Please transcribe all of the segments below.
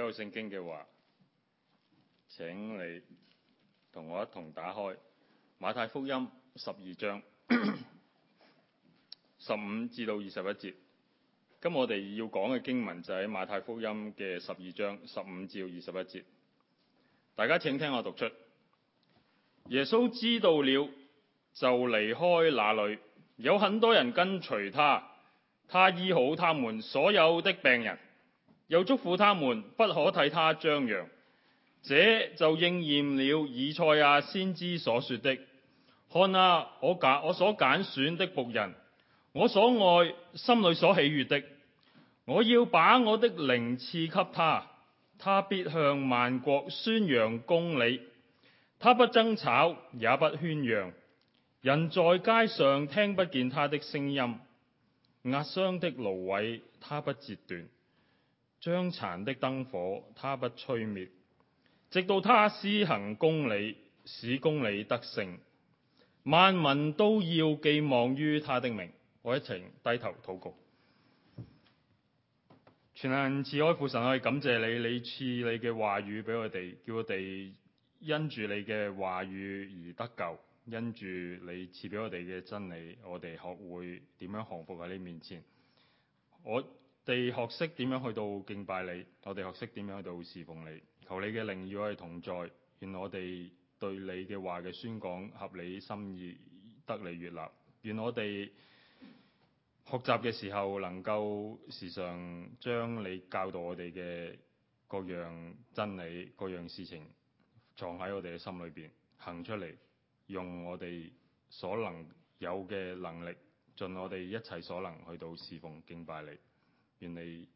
有聖經嘅話，請你同我一同打開馬太福音十二章十五至到二十一節。咁 我哋要講嘅經文就係馬太福音嘅十二章十五至二十一節。大家請聽我讀出：耶穌知道了，就離開那裏。有很多人跟隨他，他醫好他們所有的病人。又囑咐他們不可替他張揚，這就應驗了以賽亞先知所說的：看啊，我揀我所揀選的僕人，我所愛心裏所喜悦的，我要把我的靈賜給他，他必向萬國宣揚公理。他不爭吵，也不喧嚷，人在街上聽不見他的聲音。壓傷的蘆葦，他不折斷。將殘的燈火，他不吹滅，直到他施行公理，使公理得勝，萬民都要寄望於他的名。我一齊低頭禱告，全能慈愛父神，我感謝你，你賜你嘅話語俾我哋，叫我哋因住你嘅話語而得救，因住你賜俾我哋嘅真理，我哋學會點樣降服喺你面前。我。哋學識點樣去到敬拜你，我哋學識點樣去到侍奉你。求你嘅靈與我哋同在，願我哋對你嘅話嘅宣講合理心意得你悅納。願我哋學習嘅時候能夠時常將你教導我哋嘅各樣真理、各樣事情藏喺我哋嘅心裏邊，行出嚟，用我哋所能有嘅能力，盡我哋一切所能去到侍奉敬拜你。願你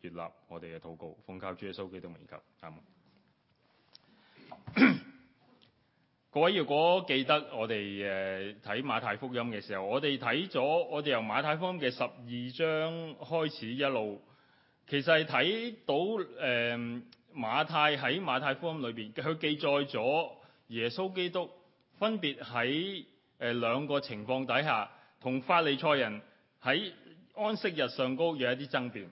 悅納我哋嘅禱告，奉靠主耶穌基督名求，啱，各位，如果記得我哋誒睇馬太福音嘅時候，我哋睇咗，我哋由馬太福音嘅十二章開始一路，其實係睇到誒馬太喺馬太福音裏邊，佢記載咗耶穌基督分別喺誒兩個情況底下，同法利賽人喺。安息日上高有一啲爭辯，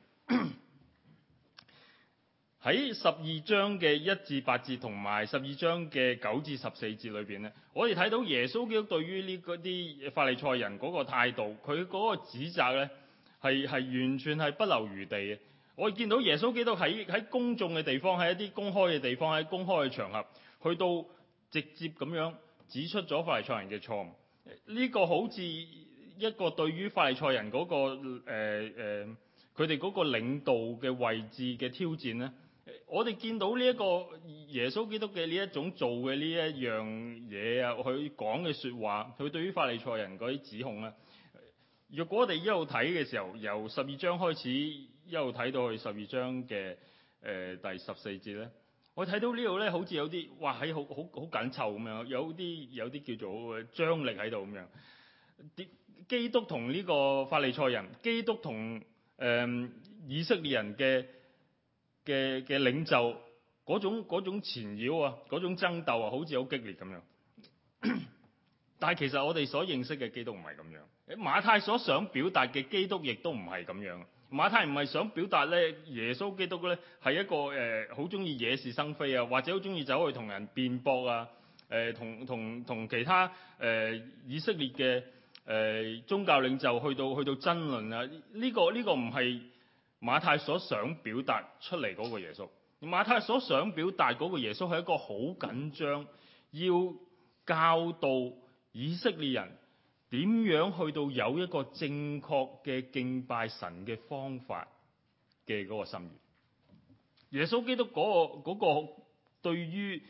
喺十二章嘅一至八節同埋十二章嘅九至十四節裏邊咧，我哋睇到耶穌基督對於呢啲法利賽人嗰個態度，佢嗰個指責咧係係完全係不留餘地嘅。我哋見到耶穌基督喺喺公眾嘅地方，喺一啲公開嘅地方，喺公開嘅場合，去到直接咁樣指出咗法利賽人嘅錯誤。呢個好似一個對於法利賽人嗰、嗰個誒誒、佢哋嗰個領導嘅位置嘅挑戰呢，我哋見到呢一個耶穌基督嘅呢一種做嘅呢一樣嘢啊，佢講嘅説話，佢對於法利賽人嗰啲指控呢。如果我哋一路睇嘅時候，由十二章開始一路睇到去十二章嘅誒、呃、第十四節呢，我睇到呢度呢，好似有啲哇係好好好緊湊咁樣，有啲有啲叫做張力喺度咁樣。啲基督同呢個法利賽人，基督同誒、嗯、以色列人嘅嘅嘅領袖嗰種嗰種纏繞啊，嗰種爭鬥啊，好似好激烈咁樣。 但係其實我哋所認識嘅基督唔係咁樣。馬太所想表達嘅基督亦都唔係咁樣。馬太唔係想表達咧，耶穌基督咧係一個誒好中意惹是生非啊，或者好中意走去同人辯駁啊，誒、呃、同同同其他誒、呃、以色列嘅。誒、呃，宗教領袖去到去到爭論啊！呢個呢個唔係馬太所想表達出嚟嗰個耶穌。馬太所想表達嗰個耶穌係一個好緊張，要教導以色列人點樣去到有一個正確嘅敬拜神嘅方法嘅嗰個心願。耶穌基督嗰個嗰個對於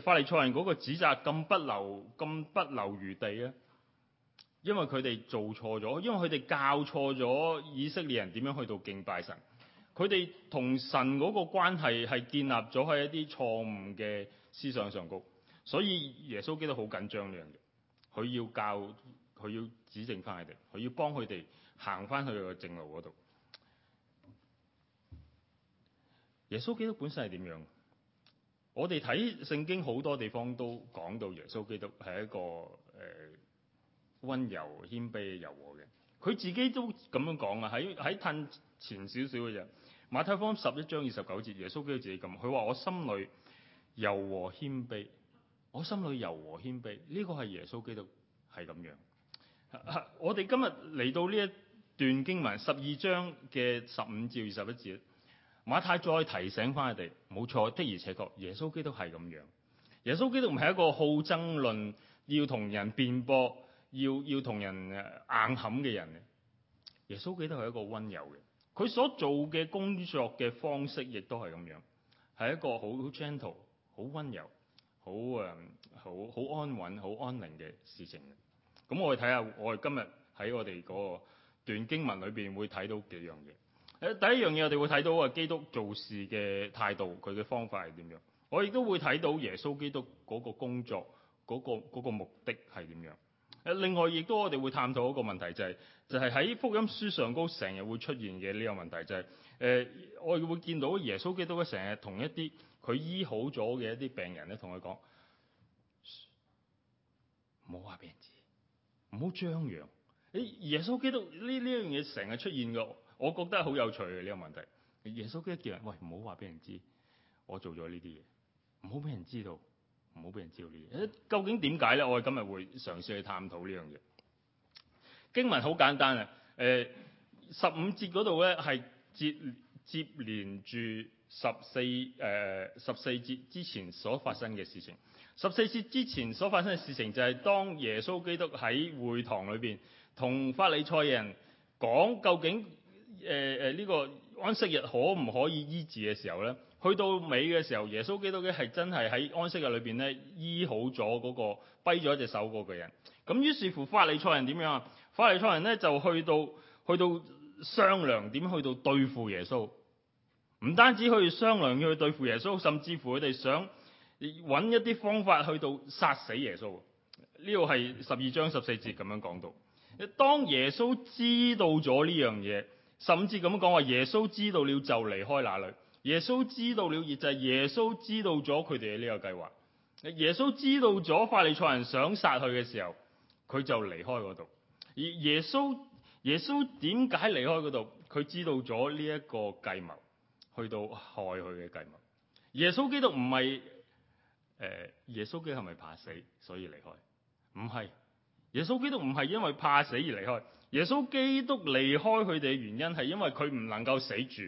法利賽人嗰個指責咁不留咁不留餘地啊！因為佢哋做錯咗，因為佢哋教錯咗以色列人點樣去到敬拜神，佢哋同神嗰個關係係建立咗喺一啲錯誤嘅思想上高，所以耶穌基督好緊張呢樣嘢，佢要教，佢要指正翻佢哋，佢要幫佢哋行翻去個正路嗰度。耶穌基督本身係點樣？我哋睇聖經好多地方都講到耶穌基督係一個誒。呃溫柔謙卑柔和嘅，佢自己都咁樣講啊。喺喺褪前少少嘅日，馬太福音十一章二十九節，耶穌基督自己咁，佢話我心裏柔和謙卑，我心裏柔和謙卑呢、這個係耶穌基督係咁樣。嗯、我哋今日嚟到呢一段經文十二章嘅十五至二十一節，馬太再提醒翻佢哋冇錯，的而且確，耶穌基督係咁樣。耶穌基督唔係一個好爭論，要同人辯駁。要要同人硬冚嘅人咧，耶穌基督係一個溫柔嘅。佢所做嘅工作嘅方式亦都係咁樣，係一個好 gentle、好溫柔、好誒、好好安穩、好安寧嘅事情。咁我哋睇下，我哋今日喺我哋嗰個段經文裏邊會睇到幾樣嘢。誒，第一樣嘢我哋會睇到啊，基督做事嘅態度，佢嘅方法係點樣？我亦都會睇到耶穌基督嗰個工作嗰個、嗰個、嗰個目的係點樣？誒，另外亦都我哋會探討一個問題，就係就係喺福音書上高成日會出現嘅呢個問題，就係、是、誒、呃，我會見到耶穌基督成日同一啲佢醫好咗嘅一啲病人咧，同佢講：唔好話俾人知，唔好張揚。耶穌基督呢呢樣嘢成日出現嘅，我覺得係好有趣嘅呢、呢個問題。耶穌基督叫人：喂，唔好話俾人知，我做咗呢啲嘢，唔好俾人知道。唔好俾人知道呢誒，究竟點解咧？我哋今日會嘗試去探討呢樣嘢。經文好簡單啊。誒、呃，十五節嗰度咧，係接接連住十四誒十四節之前所發生嘅事情。十四節之前所發生嘅事情就係，當耶穌基督喺會堂裏邊同法利賽人講，究竟誒誒呢個安息日可唔可以醫治嘅時候咧？去到尾嘅時候，耶穌基督嘅係真係喺安息日裏邊咧醫好咗嗰個跛咗一隻手嗰個人。咁於是乎法理怎樣，法利賽人點樣啊？法利賽人咧就去到去到商量點去到對付耶穌，唔單止去商量要去對付耶穌，甚至乎佢哋想搵一啲方法去到殺死耶穌。呢度係十二章十四節咁樣講到。當耶穌知道咗呢樣嘢，甚至咁講話，耶穌知道了就離開那裏。耶穌知道了，而就係、耶穌知道咗佢哋嘅呢個計劃。耶穌知道咗法利賽人想殺佢嘅時候，佢就離開嗰度。而耶穌耶穌點解離開嗰度？佢知道咗呢一個計謀，去到害佢嘅計謀。耶穌基督唔係耶穌基督係咪怕死所以離開？唔、呃、係，耶穌基督唔係因為怕死而離開。耶穌基督離開佢哋嘅原因係因為佢唔能夠死住。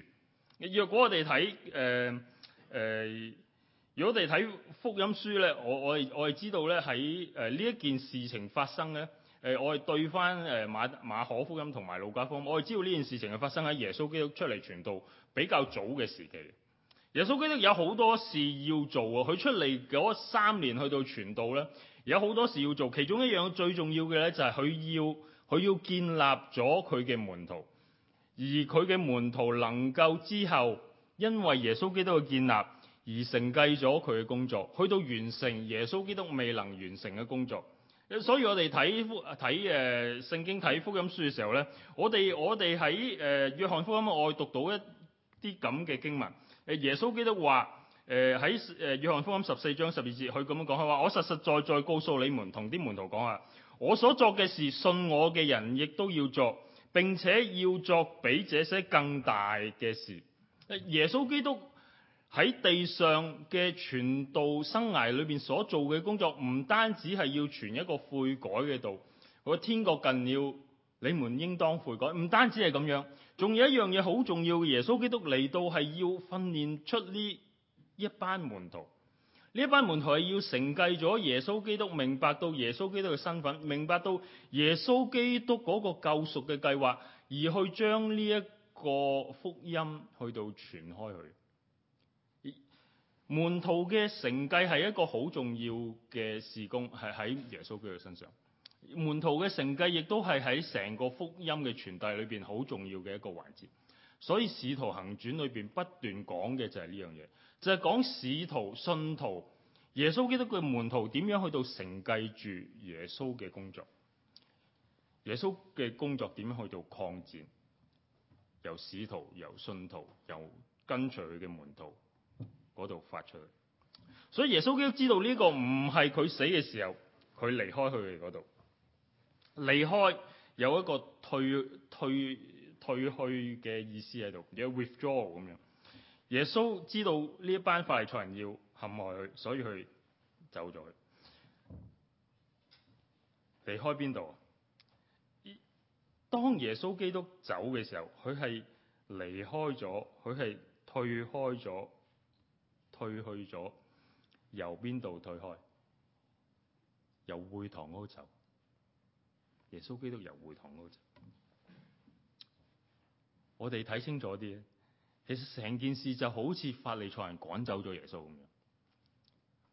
若果我哋睇誒誒，如果我哋睇福音書咧，我我我係知道咧喺誒呢一件事情發生咧，我係對翻馬，馬可福音同埋路加福音，我係知道呢件事情發生喺耶穌基督出嚟傳道比較早嘅時期。耶穌基督有好多事要做喎，佢出嚟嗰三年去到傳道咧，有好多事要做，其中一樣最重要嘅咧就係佢要佢要建立咗佢嘅門徒。而佢嘅門徒能夠之後，因為耶穌基督嘅建立而承繼咗佢嘅工作，去到完成耶穌基督未能完成嘅工作。所以我哋睇睇誒聖經睇福音書嘅時候咧，我哋我哋喺誒約翰福音外讀到一啲咁嘅經文。誒耶穌基督話：誒喺誒約翰福音十四章十二節，佢咁樣講，佢話我實實在在告訴你們，同啲門徒講啊，我所作嘅事，信我嘅人亦都要做。並且要作比這些更大嘅事。耶穌基督喺地上嘅傳道生涯裏邊所做嘅工作，唔單止係要傳一個悔改嘅道，我天國近了，你們應當悔改。唔單止係咁樣，仲有一樣嘢好重要嘅。耶穌基督嚟到係要訓練出呢一班門徒。呢班門徒係要承繼咗耶穌基督，明白到耶穌基督嘅身份，明白到耶穌基督嗰個救贖嘅計劃，而去將呢一個福音去到傳開去。門徒嘅承繼係一個好重要嘅事工，係喺耶穌基督身上。門徒嘅承繼亦都係喺成個福音嘅傳遞裏邊好重要嘅一個環節。所以《使徒行傳》裏邊不斷講嘅就係呢樣嘢。就係、是、講使徒、信徒，耶穌基督嘅門徒點樣去到承繼住耶穌嘅工作，耶穌嘅工作點樣去到擴張，由使徒、由信徒、由跟隨佢嘅門徒嗰度發出去。所以耶穌基督知道呢個唔係佢死嘅時候，佢離開去嘅嗰度，離開有一個退退退去嘅意思喺度，有「withdraw」咁樣。耶穌知道呢班法利賽人要陷害佢，所以佢走咗去，離開邊度啊？當耶穌基督走嘅時候，佢係離開咗，佢係退開咗，退去咗，由邊度退開？由會堂嗰度走。耶穌基督由會堂嗰度走，我哋睇清楚啲。其實成件事就好似法利賽人趕走咗耶穌咁樣，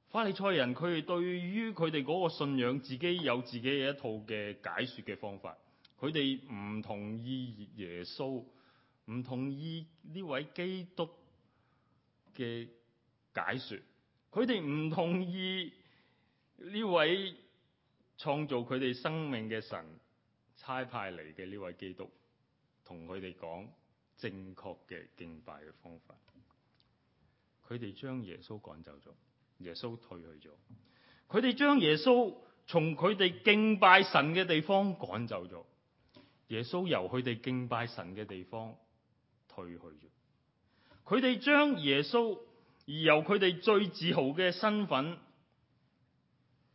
法利賽人佢哋對於佢哋嗰個信仰，自己有自己嘅一套嘅解說嘅方法，佢哋唔同意耶穌，唔同意呢位基督嘅解說，佢哋唔同意呢位創造佢哋生命嘅神差派嚟嘅呢位基督同佢哋講。正確嘅敬拜嘅方法，佢哋將耶穌趕走咗，耶穌退去咗，佢哋將耶穌從佢哋敬拜神嘅地方趕走咗，耶穌由佢哋敬拜神嘅地方退去咗，佢哋將耶穌而由佢哋最自豪嘅身份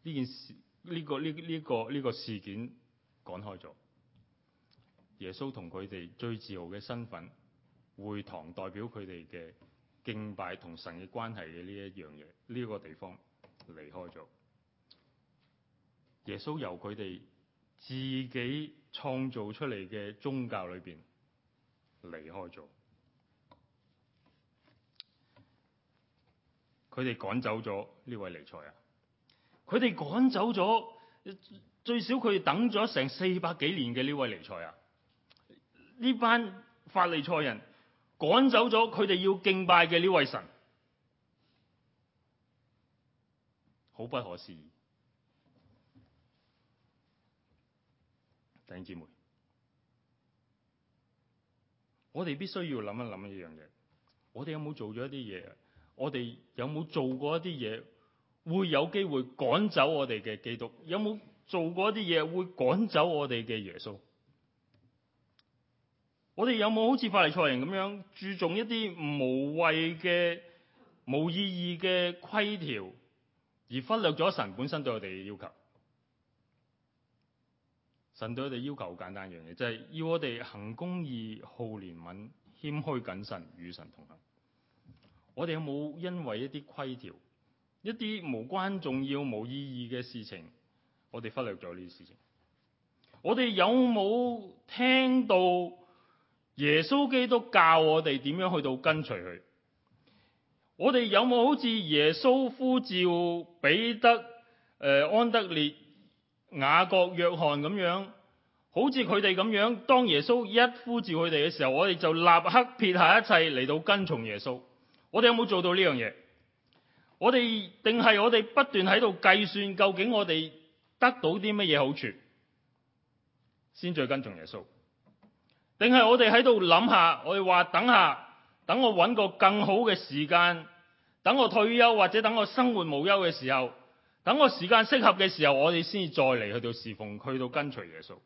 呢件事呢、呢個呢呢、呢個呢、呢個呢個事件趕開咗。耶穌同佢哋最自豪嘅身份，會堂代表佢哋嘅敬拜同神嘅關係嘅呢一樣嘢，呢、這個地方離開咗。耶穌由佢哋自己創造出嚟嘅宗教裏邊離開咗。佢哋趕走咗呢位彌賽亞！佢哋趕走咗最少佢哋等咗成四百幾年嘅呢位彌賽亞！呢班法利賽人趕走咗佢哋要敬拜嘅呢位神，好不可思議。弟兄姊妹，我哋必須要諗一諗一樣嘢，我哋有冇做咗一啲嘢？我哋有冇做過一啲嘢會有機會趕走我哋嘅基督？有冇做過一啲嘢會趕走我哋嘅耶穌？我哋有冇好似法利賽人咁樣注重一啲無謂嘅、無意義嘅規條，而忽略咗神本身對我哋嘅要求？神對我哋要求好簡單一樣嘢，就係、是、要我哋行公義、好憐憫、謙虛謹慎，與神同行。我哋有冇因為一啲規條、一啲無關重要、無意義嘅事情，我哋忽略咗呢啲事情？我哋有冇聽到？耶穌基督教我哋點樣去到跟隨佢。我哋有冇好似耶穌呼召彼得、誒、嗯、安德烈、雅各、約翰咁樣？好似佢哋咁樣，當耶穌一呼召佢哋嘅時候，我哋就立刻撇下一切嚟到跟從耶穌。我哋有冇做到呢樣嘢？我哋定係我哋不斷喺度計算，究竟我哋得到啲乜嘢好處，先再跟從耶穌？定係我哋喺度諗下，我哋話等下，等我揾個更好嘅時間，等我退休或者等我生活無憂嘅時候，等我時間適合嘅時候，我哋先至再嚟去到侍奉，去到跟隨耶穌。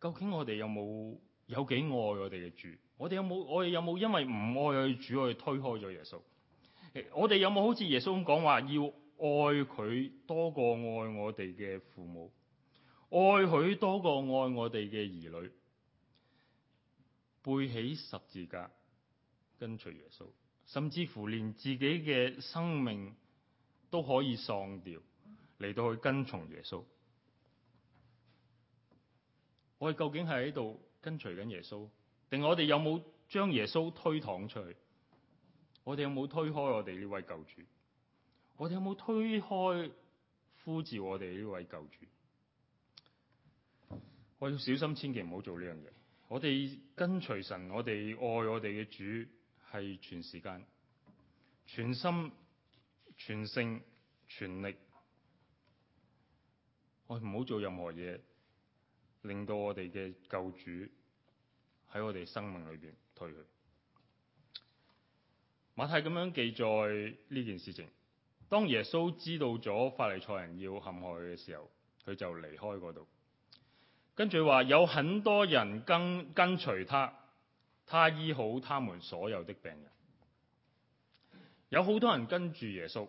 究竟我哋有冇有幾愛我哋嘅主？我哋有冇我哋有冇因為唔愛我哋主，我哋推開咗耶穌？我哋有冇好似耶穌咁講話要愛佢多過愛我哋嘅父母？愛佢多過愛我哋嘅兒女，背起十字架跟隨耶穌，甚至乎連自己嘅生命都可以喪掉嚟到去跟從耶穌。我哋究竟係喺度跟隨緊耶穌，定我哋有冇將耶穌推搪出去？我哋有冇推開我哋呢位救主？我哋有冇推開呼召我哋呢位救主？我要小心，千祈唔好做呢樣嘢。我哋跟隨神，我哋愛我哋嘅主，係全時間、全心、全性、全力。我唔好做任何嘢，令到我哋嘅救主喺我哋生命裏邊退去。馬太咁樣記載呢件事情。當耶穌知道咗法利賽人要陷害佢嘅時候，佢就離開嗰度。跟住話，有很多人跟跟隨他，他醫好他們所有的病人。有好多人跟住耶穌。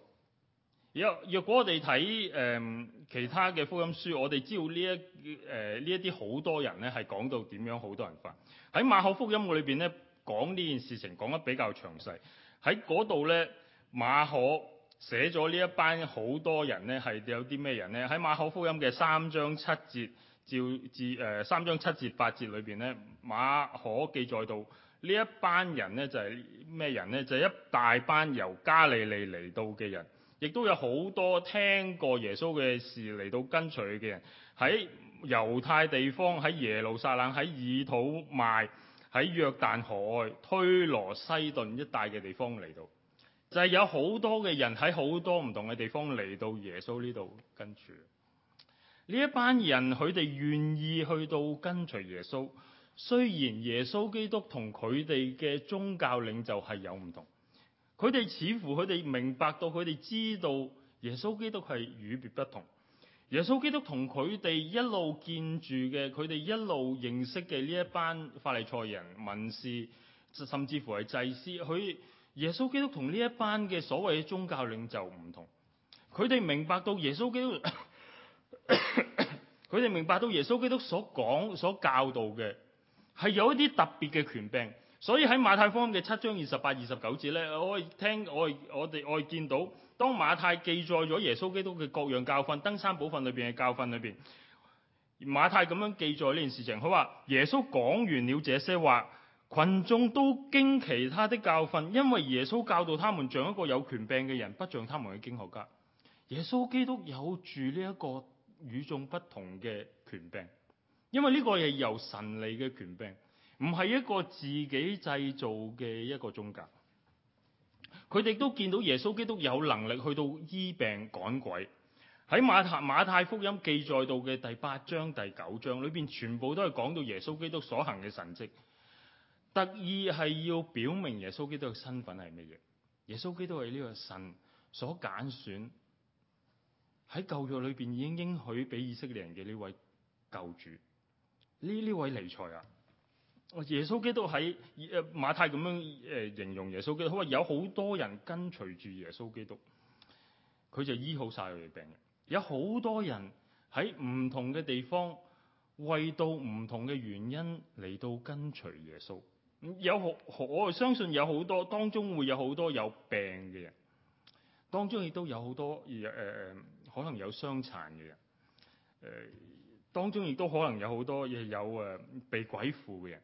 若若果我哋睇、呃、其他嘅福音書，我哋知道呢一誒呢、呃、一啲好多人咧係講到點樣好多人發喺馬可福音裏面咧，講呢件事情講得比較詳細。喺嗰度咧，馬可寫咗呢一班好多人咧係有啲咩人咧？喺馬可福音嘅三章七節。照至三章七節八節裏面，咧，馬可記載到這一、就是、呢一班人咧就係咩人咧？就係、是、一大班由加利利嚟到嘅人，亦都有好多聽過耶穌嘅事嚟到跟隨嘅人，喺猶太地方、喺耶路撒冷、喺以土買、喺約旦海、推羅西頓一帶嘅地方嚟到，就係、是、有好多嘅人喺好多唔同嘅地方嚟到耶穌呢度跟隨。呢一班人佢哋願意去到跟隨耶穌，雖然耶穌基督同佢哋嘅宗教領袖係有唔同，佢哋似乎佢哋明白到佢哋知道耶穌基督係與別不同。耶穌基督同佢哋一路見住嘅，佢哋一路認識嘅呢一班法利賽人、文士，甚至乎係祭司，佢耶穌基督同呢一班嘅所謂嘅宗教領袖唔同，佢哋明白到耶穌基督。佢哋 明白到耶穌基督所講、所教導嘅，係有一啲特別嘅權柄。所以喺馬太福音嘅七章二十八、二十九節咧，我聽我我哋我，我見到，當馬太記載咗耶穌基督嘅各樣教訓，登山寶訓裏邊嘅教訓裏邊，馬太咁樣記載呢件事情，佢話耶穌講完了這些話，群眾都驚奇他的教訓，因為耶穌教導他們像一個有權柄嘅人，不像他們嘅經學家。耶穌基督有住呢一個與眾不同嘅權柄，因為呢個係由神嚟嘅權柄，唔係一個自己製造嘅一個宗教。佢哋都見到耶穌基督有能力去到醫病趕鬼，喺馬太馬太福音記載到嘅第八章第九章裏邊，全部都係講到耶穌基督所行嘅神迹，特意係要表明耶穌基督嘅身份係乜嘢。耶穌基督係呢個神所揀選。喺舊約裏邊已經應許俾以色列人嘅呢位救主，呢，呢位彌賽亞，耶穌基督喺馬太咁樣誒形容耶穌基督，話有好多人跟隨住耶穌基督，佢就醫好晒佢嘅病，有好多人喺唔同嘅地方為到唔同嘅原因嚟到跟隨耶穌，有我，我相信有好多當中會有好多有病嘅人，當中亦都有好多誒誒。呃可能有傷殘嘅人，誒當中亦都可能有好多亦有誒被鬼附嘅人。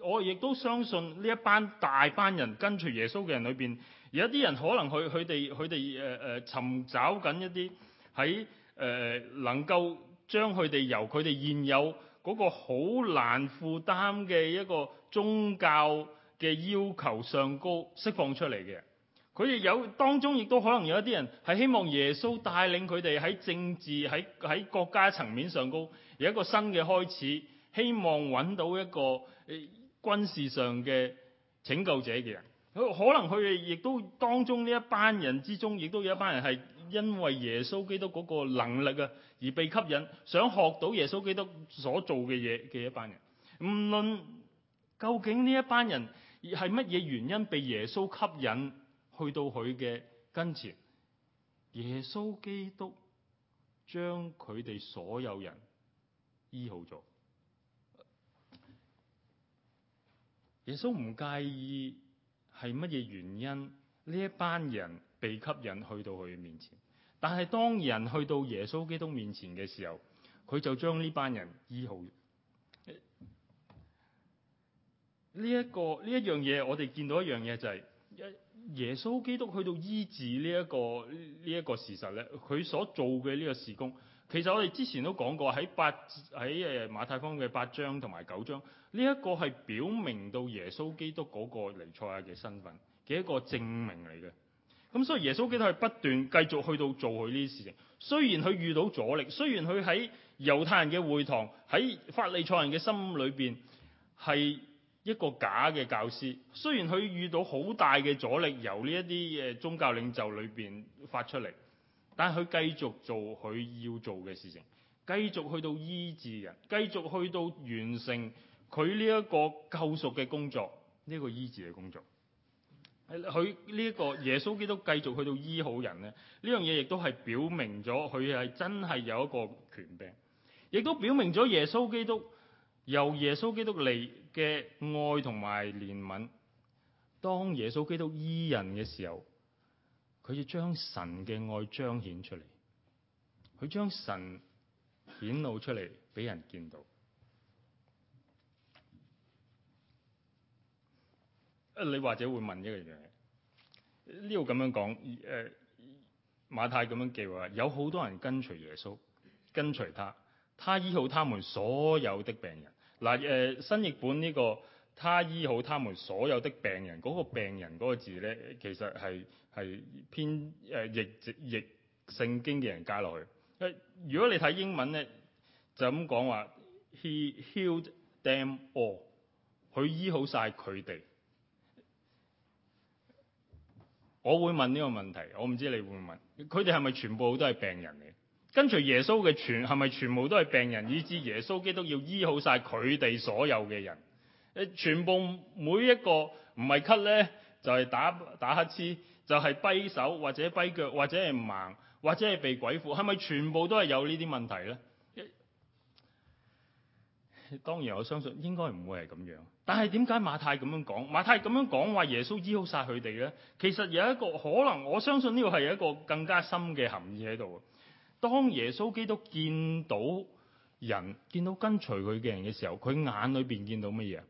我我亦都相信呢一班大班人跟隨耶穌嘅人裏邊，有一啲人可能佢佢哋佢哋誒誒尋找緊一啲喺誒能夠將佢哋由佢哋現有嗰個好難負擔嘅一個宗教嘅要求上高釋放出嚟嘅。佢亦有當中，亦都可能有一啲人係希望耶穌帶領佢哋喺政治喺喺國家層面上高有一個新嘅開始，希望搵到一個、欸、軍事上嘅拯救者嘅人。可能佢哋亦都當中呢一班人之中，亦都有一班人係因為耶穌基督嗰個能力啊，而被吸引，想學到耶穌基督所做嘅嘢嘅一班人。無論究竟呢一班人係乜嘢原因被耶穌吸引，去到佢嘅跟前，耶穌基督將佢哋所有人醫好咗。耶穌唔介意係乜嘢原因呢一班人被吸引去到佢面前，但係當人去到耶穌基督面前嘅時候，佢就將呢班人醫好咗。呢一個呢一樣嘢，我哋見到一樣嘢就係、是。耶穌基督去到醫治呢、這、一個呢一、這個事實呢，佢所做嘅呢個事工，其實我哋之前都講過喺八喺誒馬太福音嘅八章同埋九章，呢、這、一個係表明到耶穌基督嗰個彌賽亞嘅身份嘅一個證明嚟嘅。咁所以耶穌基督係不斷繼續去到做佢呢啲事情，雖然佢遇到阻力，雖然佢喺猶太人嘅會堂喺法利賽人嘅心裏邊係。一個假嘅教師，雖然佢遇到好大嘅阻力，由呢一啲宗教領袖裏邊發出嚟，但係佢繼續做佢要做嘅事情，繼續去到醫治人，繼續去到完成佢呢一個救贖嘅工作，呢個醫治嘅工作。佢呢個耶穌基督繼續去到醫好人咧，呢樣嘢亦都係表明咗佢係真係有一個權柄，亦都表明咗耶穌基督由耶穌基督嚟。嘅愛同埋憐憫，當耶穌基督醫人嘅時候，佢要將神嘅愛彰顯出嚟，佢將神顯露出嚟俾人見到。你或者會問一個一樣嘢，呢度咁樣講，誒，馬太咁樣記話，有好多人跟隨耶穌，跟隨他，他醫好他們所有的病人。嗱、呢個，誒新譯本呢個他醫好他們所有的病人，嗰、嗰個病人嗰個字咧，其實係係偏誒譯譯聖經嘅人加落去。因為如果你睇英文咧，就咁講話，He healed them all，佢醫好晒佢哋。我會問呢個問題，我唔知你會唔會問，佢哋係咪全部都係病人嚟？跟隨耶穌嘅全係咪全部都係病人？以至耶穌基督要醫好晒佢哋所有嘅人，誒，全部每一個唔係咳咧，就係、是、打打乞嗤，就係、是、跛手或者跛腳，或者係盲，或者係被鬼附，係咪全部都係有呢啲問題咧？當然我相信應該唔會係咁樣。但係點解馬太咁樣講？馬太咁樣講話耶穌醫好晒佢哋咧？其實有一個可能，我相信呢個係一個更加深嘅含義喺度。當耶穌基督見到人，見到跟隨佢嘅人嘅時候，佢眼裏邊見到乜嘢？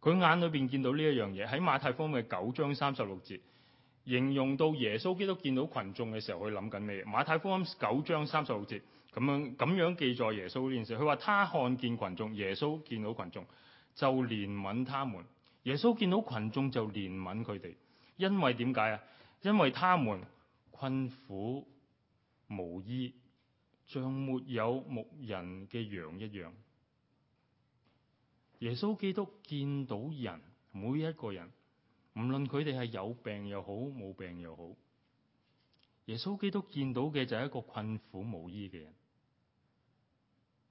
佢眼裏邊見到呢一樣嘢。喺馬太福音嘅九章三十六節，形容到耶穌基督見到群眾嘅時候，佢諗緊咩？馬太福音九章三十六節咁樣咁樣記載耶穌呢件事，佢話他看見群眾，耶穌見到群眾就憐憫他們。耶穌見到群眾就憐憫佢哋，因為點解啊？因為他們困苦無依，像沒有牧人嘅羊一樣。耶穌基督見到人，每一個人，無論佢哋係有病又好，冇病又好，耶穌基督見到嘅就係一個困苦無依嘅人。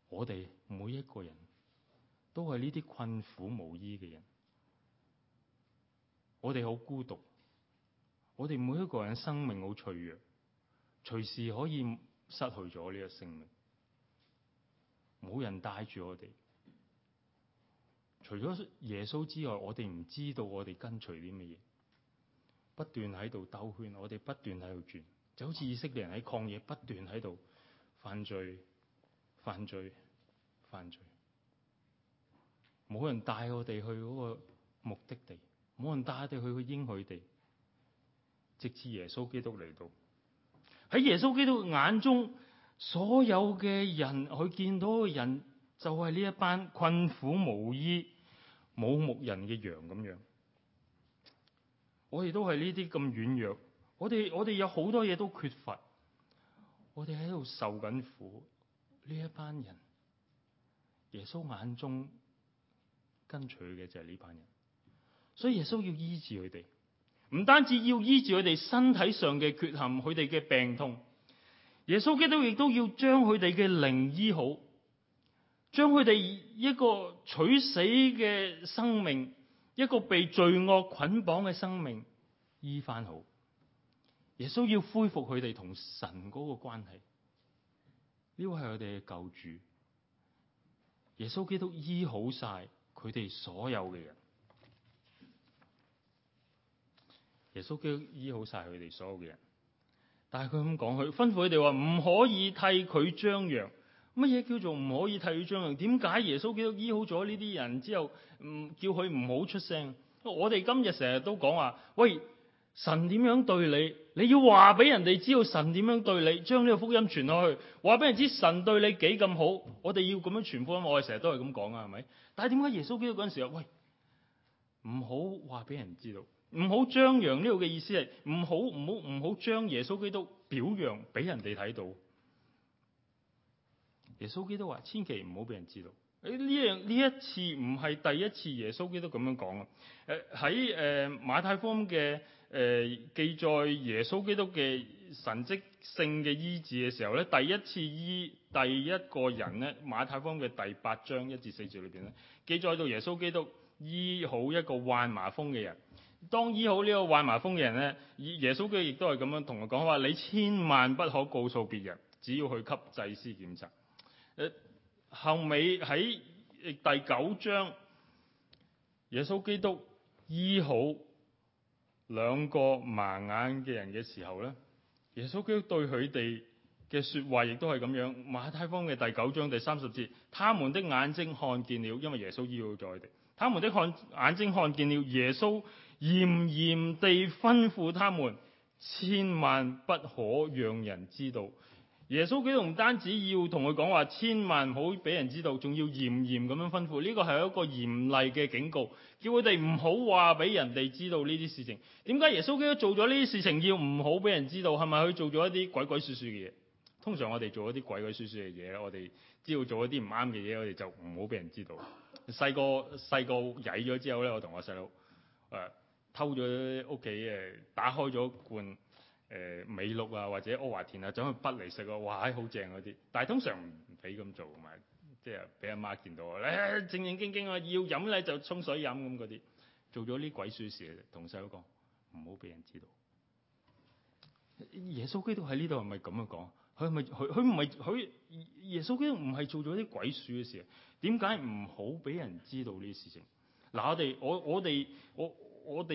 我哋每一個人，都係呢啲困苦無依嘅人。我哋好孤獨，我哋每一個人生命好脆弱。隨時可以失去咗呢個性命，冇人帶住我哋。除咗耶穌之外，我哋唔知道我哋跟隨啲乜嘢，不斷喺度兜圈，我哋不斷喺度轉，就好似以色列人喺曠野不斷喺度犯罪、犯罪、犯罪。冇人帶我哋去嗰個目的地，冇人帶我哋去去應許地，直至耶穌基督嚟到。喺耶穌基督眼中，所有嘅人，佢見到嘅人就係呢一班困苦無依、冇牧人嘅羊咁樣。我哋都係呢啲咁軟弱，我哋我哋有好多嘢都缺乏，我哋喺度受緊苦。呢一班人，耶穌眼中跟隨嘅就係呢班人，所以耶穌要醫治佢哋。唔單止要醫治佢哋身體上嘅缺陷、佢哋嘅病痛，耶穌基督亦都要將佢哋嘅靈醫好，將佢哋一個取死嘅生命，一個被罪惡捆綁嘅生命醫翻好。耶穌要恢復佢哋同神嗰個關係，呢位係我哋嘅救主。耶穌基督醫好晒佢哋所有嘅人，耶穌基督醫好晒佢哋所有嘅人，但係佢咁講，佢吩咐佢哋話唔可以替佢張揚。乜嘢叫做唔可以替佢張揚？點解耶穌基督醫好咗呢啲人之後，唔、嗯、叫佢唔好出聲？我哋今日成日都講話，喂，神點樣對你？你要話俾人哋知道神點樣對你，將呢個福音傳落去，話俾人知神對你幾咁好。我哋要咁樣傳福音。我哋成日都係咁講啊，係咪？但係點解耶穌基督嗰陣時啊，喂，唔好話俾人知道？唔好張揚，呢度嘅意思係唔好唔好唔好將耶穌基督表揚俾人哋睇到。耶穌基督話：千祈唔好俾人知道。誒，呢樣呢一次唔係第一次耶穌基督咁樣講啊。誒喺誒馬太福音嘅誒記載耶穌基督嘅神蹟性嘅醫治嘅時候咧，第一次醫第一個人咧，馬太福音嘅第八章一至四節裏邊咧記載到耶穌基督醫好一個患麻風嘅人。當醫好呢個患麻風嘅人咧，耶穌基督亦都係咁樣同佢講話：你千萬不可告訴別人，只要去給祭司檢查。後尾喺第九章，耶穌基督醫好兩個盲眼嘅人嘅時候咧，耶穌基督對佢哋嘅說話亦都係咁樣。馬太福音嘅第九章第三十節：他們的眼睛看見了，因為耶穌醫好咗佢哋。他們的看眼睛看見了耶穌。嚴嚴地吩咐他們，千萬不可讓人知道。耶穌基督唔單止要同佢講話，千萬唔好俾人知道，仲要嚴嚴咁樣吩咐。呢個係一個嚴厲嘅警告，叫佢哋唔好話俾人哋知道呢啲事情。點解耶穌基督做咗呢啲事情要唔好俾人知道？係咪佢做咗一啲鬼鬼祟祟嘅嘢？通常我哋做一啲鬼鬼祟祟嘅嘢咧，我哋知道做一啲唔啱嘅嘢，我哋就唔好俾人知道。細個，細個曳咗之後咧，我同我細佬偷咗屋企打開咗罐、呃、美祿啊，或者阿華田啊，走去燜嚟食啊，哇！好正嗰啲。但係通常唔俾咁做，同埋即係俾阿媽見到，正正經經啊，要飲咧就沖水飲咁嗰啲，做咗啲鬼鼠事。同細佬講唔好俾人知道。耶穌基督喺呢度係咪咁樣講？佢係咪佢佢唔係佢耶穌基督唔係做咗啲鬼鼠嘅事？點解唔好俾人知道呢啲事情？嗱，我哋我我哋我。我哋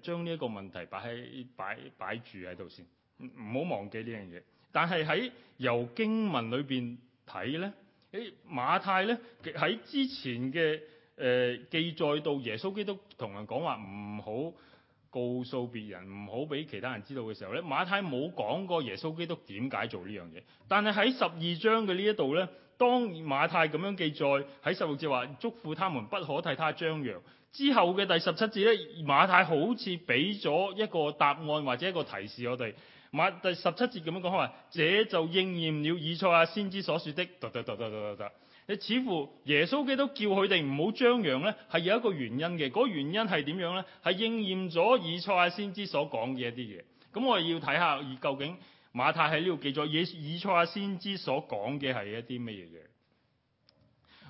誒將呢一個問題擺喺擺擺住喺度先，唔好忘記呢樣嘢。但係喺由經文裏邊睇咧，誒馬太咧喺之前嘅誒、呃、記載到耶穌基督同人講話唔好告訴別人，唔好俾其他人知道嘅時候咧，馬太冇講過耶穌基督點解做呢樣嘢。但係喺十二章嘅呢一度咧，當然馬太咁樣記載喺十六節話，囑咐他們不可替他張揚。之後嘅第十七節咧，馬太好似俾咗一個答案或者一個提示我哋。馬第十七節咁樣講話，這就應驗了以賽亞、啊先，那個啊、先知所說的。你似乎耶穌基督叫佢哋唔好張揚咧，係有一個原因嘅。嗰原因係點樣咧？係應驗咗以賽亞先知所講嘅一啲嘢。咁我哋要睇下，究竟馬太喺呢度記咗以以賽亞先知所講嘅係一啲乜嘢嘅？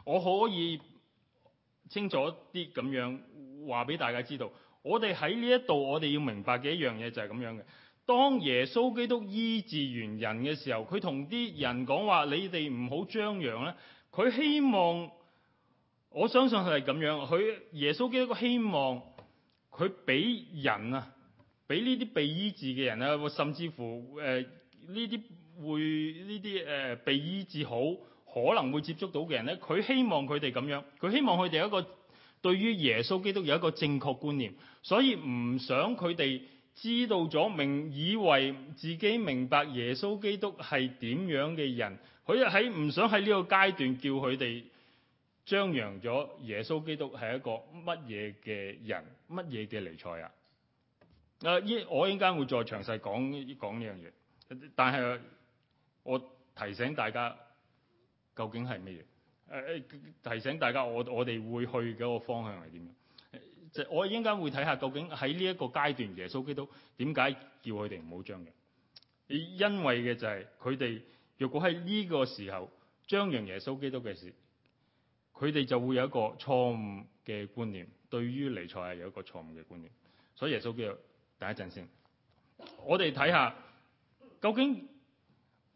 我可以。清楚啲咁樣話俾大家知道，我哋喺呢一度，我哋要明白嘅一樣嘢就係咁樣嘅。當耶穌基督醫治完人嘅時候，佢同啲人講話：你哋唔好張揚咧。佢希望，我相信佢係咁樣。佢耶穌基督希望佢俾人啊，俾呢啲被醫治嘅人啊，甚至乎誒呢啲會呢啲誒被醫治好。可能會接觸到嘅人呢，佢希望佢哋咁樣，佢希望佢哋有一個對於耶穌基督有一個正確觀念，所以唔想佢哋知道咗明，以為自己明白耶穌基督係點樣嘅人，佢又喺唔想喺呢個階段叫佢哋張揚咗耶穌基督係一個乜嘢嘅人，乜嘢嘅離賽啊！啊，依我依家會再詳細講講呢樣嘢，但係我提醒大家，究竟係乜嘢？誒、呃、誒，提醒大家，我我哋會去嘅個方向係點樣？就我應該會睇下，究竟喺呢一個階段，耶穌基督點解叫佢哋唔好張揚？你因為嘅就係佢哋若果喺呢個時候張揚耶穌基督嘅事，佢哋就會有一個錯誤嘅觀念，對於尼賽係有一個錯誤嘅觀念。所以耶穌基督，等一陣先，我哋睇下究竟。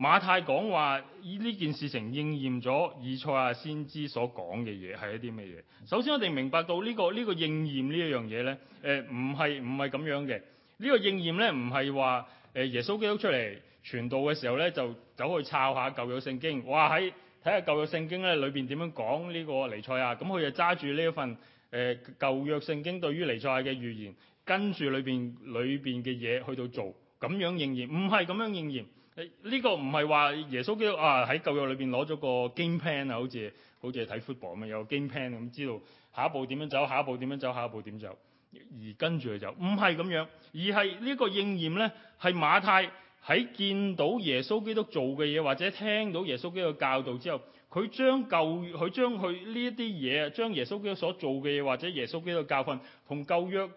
馬太講話呢件事情應驗咗以賽亞先知所講嘅嘢係一啲乜嘢？首先我哋明白到、這個這個、應呢個呢、呃這個應驗呢一樣嘢咧，誒唔係唔係咁樣嘅。呢個應驗咧，唔係話誒耶穌基督出嚟傳道嘅時候咧，就走去抄下舊約聖經，哇喺睇下舊約聖經咧，裏邊點樣講呢個尼賽亞，咁、嗯、佢就揸住呢一份誒、呃、舊約聖經對於尼賽亞嘅預言，跟住裏邊裏邊嘅嘢去到做，咁樣應驗，唔係咁樣應驗。呢、這個唔係話耶穌基督啊喺舊約裏邊攞咗個 game plan 啊，plan, 好似好似睇 football 咁，有 game plan 咁知道下一步點樣走，下一步點樣走，下一步點走，而跟住佢走。唔係咁樣，而係呢個應驗呢，係馬太喺見到耶穌基督做嘅嘢，或者聽到耶穌基督嘅教導之後，佢將舊佢將佢呢一啲嘢，將耶穌基督所做嘅嘢或者耶穌基督嘅教訓同舊約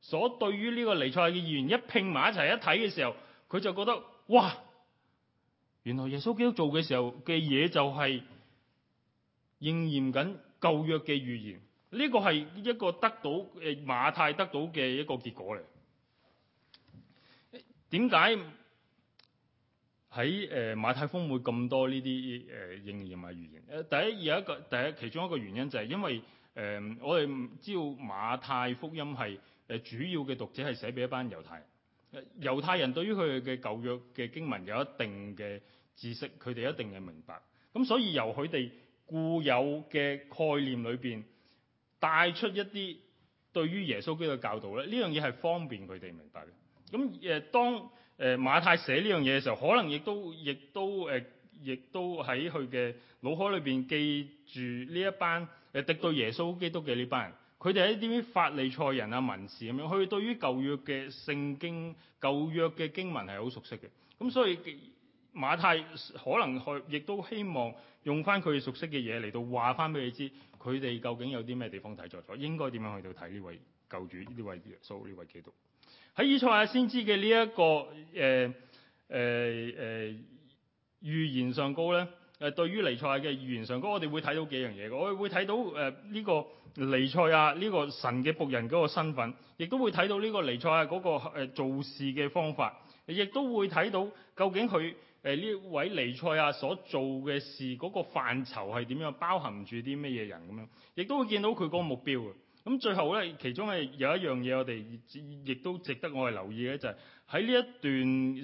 所對於呢個尼賽嘅議員一拼埋一齊一睇嘅時候，佢就覺得哇！原來耶穌基督做嘅時候嘅嘢就係應驗緊舊約嘅預言，呢、這個係一個得到誒馬太得到嘅一個結果嚟。點解喺誒馬太福音會咁多呢啲誒應驗啊預言？誒，第一有一個第一其中一個原因就係因為誒我哋知道馬太福音係誒主要嘅讀者係寫俾一班猶太猶太人對於佢哋嘅舊約嘅經文有一定嘅知識，佢哋一定係明白。咁所以由佢哋固有嘅概念裏邊帶出一啲對於耶穌基督嘅教導咧，呢樣嘢係方便佢哋明白嘅。咁誒，當誒馬太寫呢樣嘢嘅時候，可能亦都亦都誒，亦都喺佢嘅腦海裏邊記住呢一班誒敵對耶穌基督嘅呢班人。佢哋喺啲法利賽人啊、文士咁樣，佢哋對於舊約嘅聖經、舊約嘅經文係好熟悉嘅。咁所以馬太可能去，亦都希望用翻佢熟悉嘅嘢嚟到話翻俾你知，佢哋究竟有啲咩地方睇錯咗，應該點樣去到睇呢位舊主、呢位耶穌、呢位基督。喺以賽亞先知嘅呢一個誒誒誒預言上高咧。誒對於尼賽亞嘅預言上講，我哋會睇到幾樣嘢。我們會睇到誒呢、呃這個尼賽亞呢個神嘅僕人嗰個身份，亦都會睇到呢個尼賽亞嗰個、呃、做事嘅方法，亦都會睇到究竟佢誒呢位尼賽亞所做嘅事嗰個範疇係點樣，包含住啲乜嘢人咁樣，亦都會見到佢嗰個目標。咁最後咧，其中係有一樣嘢，我哋亦都值得我哋留意嘅，就係喺呢一段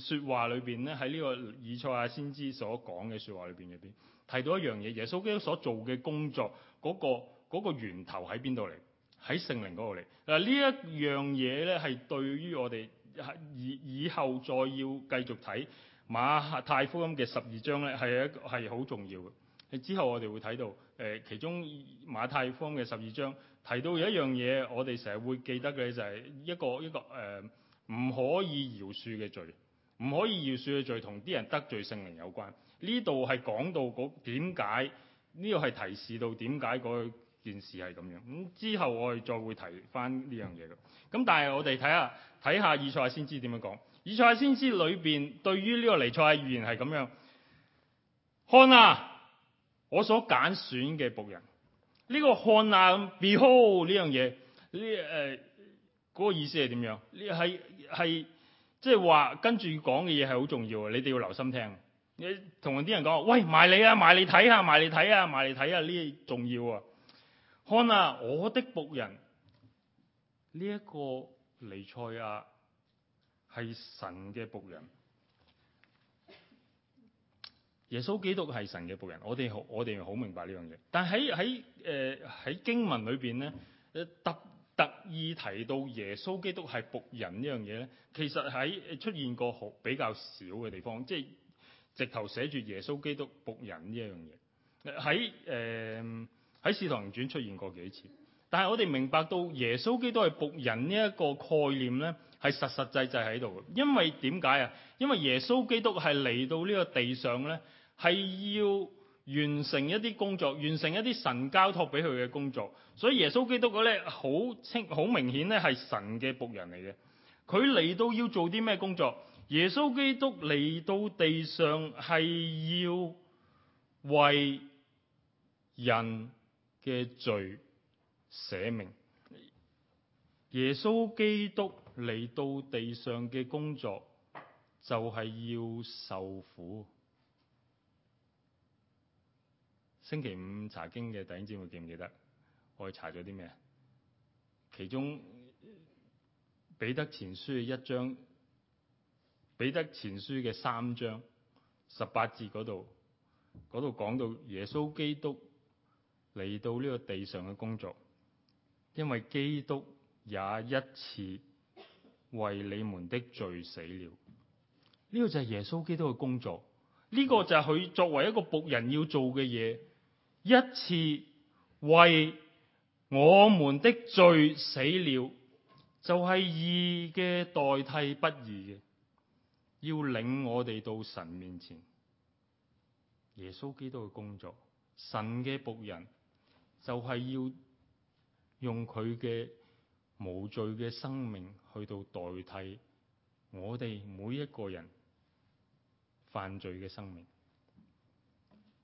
説話裏邊咧，喺呢個以賽亞、啊、先知所講嘅説話裏邊入邊，提到一樣嘢，耶穌基督所做嘅工作嗰、嗰個嗰個源頭喺邊度嚟？喺聖靈嗰度嚟。嗱、啊、呢一樣嘢咧，係對於我哋以以後再要繼續睇馬太福音嘅十二章咧，係一個係好重要嘅。之後我哋會睇到誒、呃、其中馬太福音嘅十二章。提到有一樣嘢，我哋成日會記得嘅就係、是、一個一個誒，唔、呃、可以饒恕嘅罪，唔可以饒恕嘅罪同啲人得罪聖靈有關。呢度係講到嗰點解，呢個係提示到點解嗰件事係咁樣。咁之後我哋再會提翻呢樣嘢嘅。咁但係我哋睇下睇下以賽亞先知點樣講，以賽亞先知裏邊對於呢個以賽亞嘅預言係咁樣，看啊，我所揀選嘅僕人。呢、這個看啊 Behold 呢樣嘢，呢誒嗰個意思係點樣？呢係係即係話跟住講嘅嘢係好重要的，你哋要留心聽。你同啲人講：「喂，埋你啊，埋你睇下，埋你睇下，埋你睇下，呢重要啊！看啊，我的僕人，呢、這、一個彌賽亞係神嘅僕人。耶穌基督係神嘅僕人，我哋好我哋好明白呢樣嘢。但喺喺誒喺經文裏邊咧，特特意提到耶穌基督係僕人呢樣嘢咧，其實喺出現過好比較少嘅地方，即係直頭寫住耶穌基督僕人呢一樣嘢。喺誒喺《使徒行傳》出現過幾次，但係我哋明白到耶穌基督係僕人呢一個概念咧，係實實際際喺度嘅。因為點解啊？因為耶穌基督係嚟到呢個地上咧。係要完成一啲工作，完成一啲神交託俾佢嘅工作。所以耶穌基督嗰，咧好清，好明顯咧係神嘅僕人嚟嘅。佢嚟到要做啲咩工作？耶穌基督嚟到地上係要為人嘅罪捨命。耶穌基督嚟到地上嘅工作就係要受苦。星期五查經嘅弟兄姊妹記唔記得？我哋查咗啲咩？其中彼得前書一章、彼得前書嘅三章十八節嗰度，嗰度講到耶穌基督嚟到呢個地上嘅工作，因為基督也一次為你們的罪死了。呢個就係耶穌基督嘅工作，呢、嗯呢個就係佢作為一個僕人要做嘅嘢。一次為我們的罪死了，就係義嘅代替不義嘅，要領我哋到神面前。耶穌基督嘅工作，神嘅僕人，就係要用佢嘅無罪嘅生命去到代替我哋每一個人犯罪嘅生命。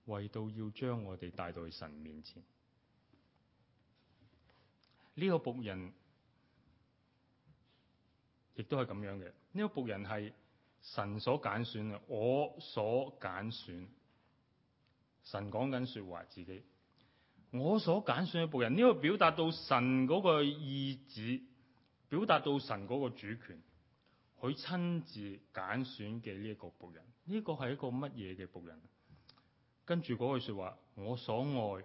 為到要將我哋帶到去神面前，呢個僕人亦都係咁樣嘅。呢個僕人係神所揀選嘅，我所揀選。神講緊說話自己，我所揀選嘅僕人，呢個表達到神嗰個意志，表達到神嗰個主權，佢親自揀選嘅呢一個僕人，呢個係一個乜嘢嘅僕人？跟住嗰句說話，我所愛，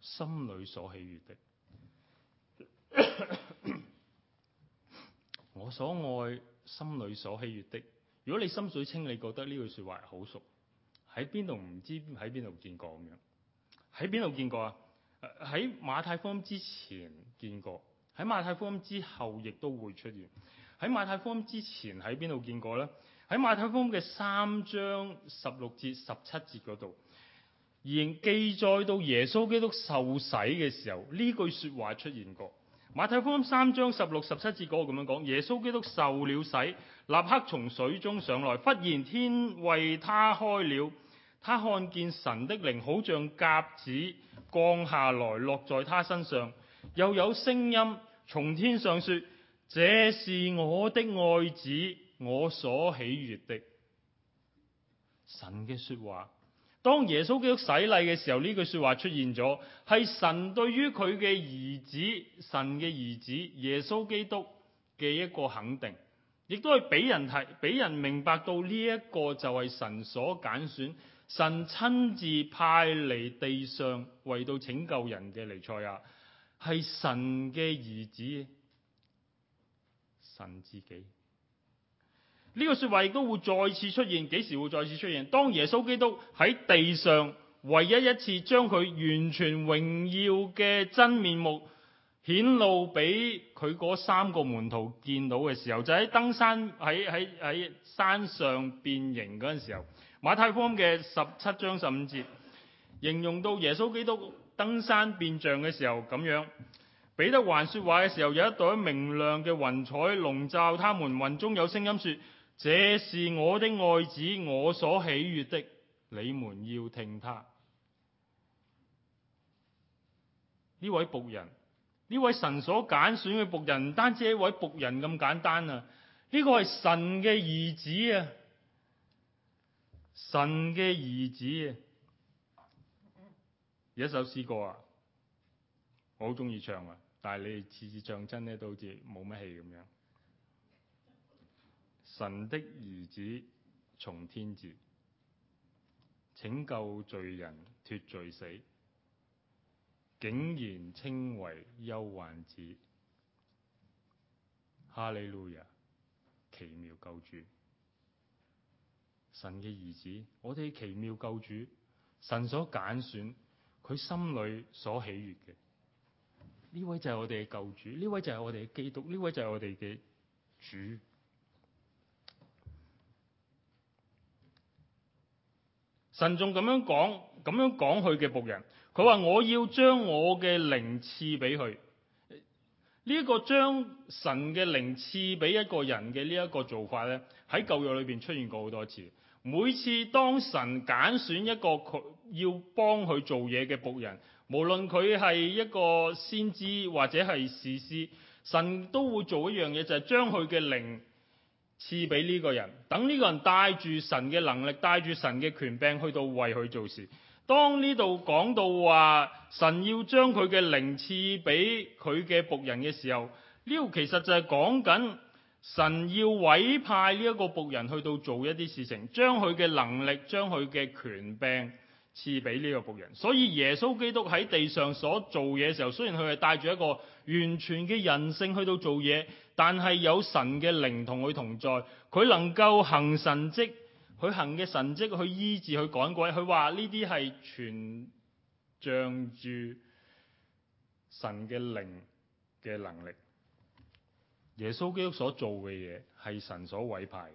心裏所喜悅的。 我所愛，心裏所喜悅的。如果你心水清，你覺得呢句說話好熟，喺邊度，唔知喺邊度見過咁樣？喺邊度見過啊？喺馬太福音之前見過，喺馬太福音之後亦都會出現。喺馬太福音之前喺邊度見過呢？喺馬太福音嘅三章十六節十七節嗰度，而記載到耶穌基督受洗嘅時候，呢句說話出現過。馬太福音三章十六十七節嗰個咁樣講，耶穌基督受了洗，立刻從水中上來，忽然天為他開了，他看見神的靈好像鴿子降下來，落在他身上，又有聲音從天上說：這是我的愛子。我所喜悅的神嘅說話，當耶穌基督洗禮嘅時候，呢句說話出現咗，係神對於佢嘅兒子，神嘅兒子耶穌基督嘅一個肯定，亦都係俾人睇，俾人明白到呢一個就係神所揀選，神親自派嚟地上為到拯救人嘅彌賽亞，係神嘅兒子，神自己。呢、這個説話亦都會再次出現，幾時會再次出現？當耶穌基督喺地上唯一一次將佢完全榮耀嘅真面目顯露俾佢嗰三個門徒見到嘅時候，就喺、是、登山喺喺喺山上變形嗰陣時候，馬太福音嘅十七章十五節形容到耶穌基督登山變像嘅時候咁樣，彼得還說話嘅時候，有一朵明亮嘅雲彩籠罩他們，雲中有聲音說。這是我的愛子，我所喜悦的，你們要聽他。呢位僕人，呢位神所揀選嘅僕人，唔單止一位僕人咁簡單啊！呢、呢個係神嘅兒子啊，神嘅兒子啊，有一首詩歌啊，我好中意唱啊，但係你哋次次唱真咧，都好似冇乜戲咁樣。神的兒子從天降，拯救罪人脫罪死，竟然稱為憂患子。哈利路亞，奇妙救主！神嘅兒子，我哋嘅奇妙救主！神所揀選，佢心裏所喜悦嘅，呢位就係我哋嘅救主，呢位就係我哋嘅基督，呢位就係我哋嘅主。神仲咁樣講，咁樣講佢嘅僕人，佢話，我要將我嘅靈賜俾佢。呢、這、一個將神嘅靈賜俾一個人嘅呢一個做法呢，喺舊約裏邊出現過好多次。每次當神揀選一個佢要幫佢做嘢嘅僕人，無論佢係一個先知或者係士師，神都會做一樣嘢，就係將佢嘅靈。賜俾呢個人，等呢個人帶住神嘅能力，帶住神嘅權柄去到為佢做事。當呢度講到話神要將佢嘅靈賜俾佢嘅僕人嘅時候，呢度其實就係講緊神要委派呢一個僕人去到做一啲事情，將佢嘅能力，將佢嘅權柄。賜俾呢個僕人，所以耶穌基督喺地上所做嘢嘅時候，雖然佢係帶住一個完全嘅人性去到做嘢，但係有神嘅靈同佢同在，佢能夠行神蹟，佢行嘅神蹟去醫治、去趕鬼，佢話呢啲係全仗住神嘅靈嘅能力。耶穌基督所做嘅嘢係神所委派，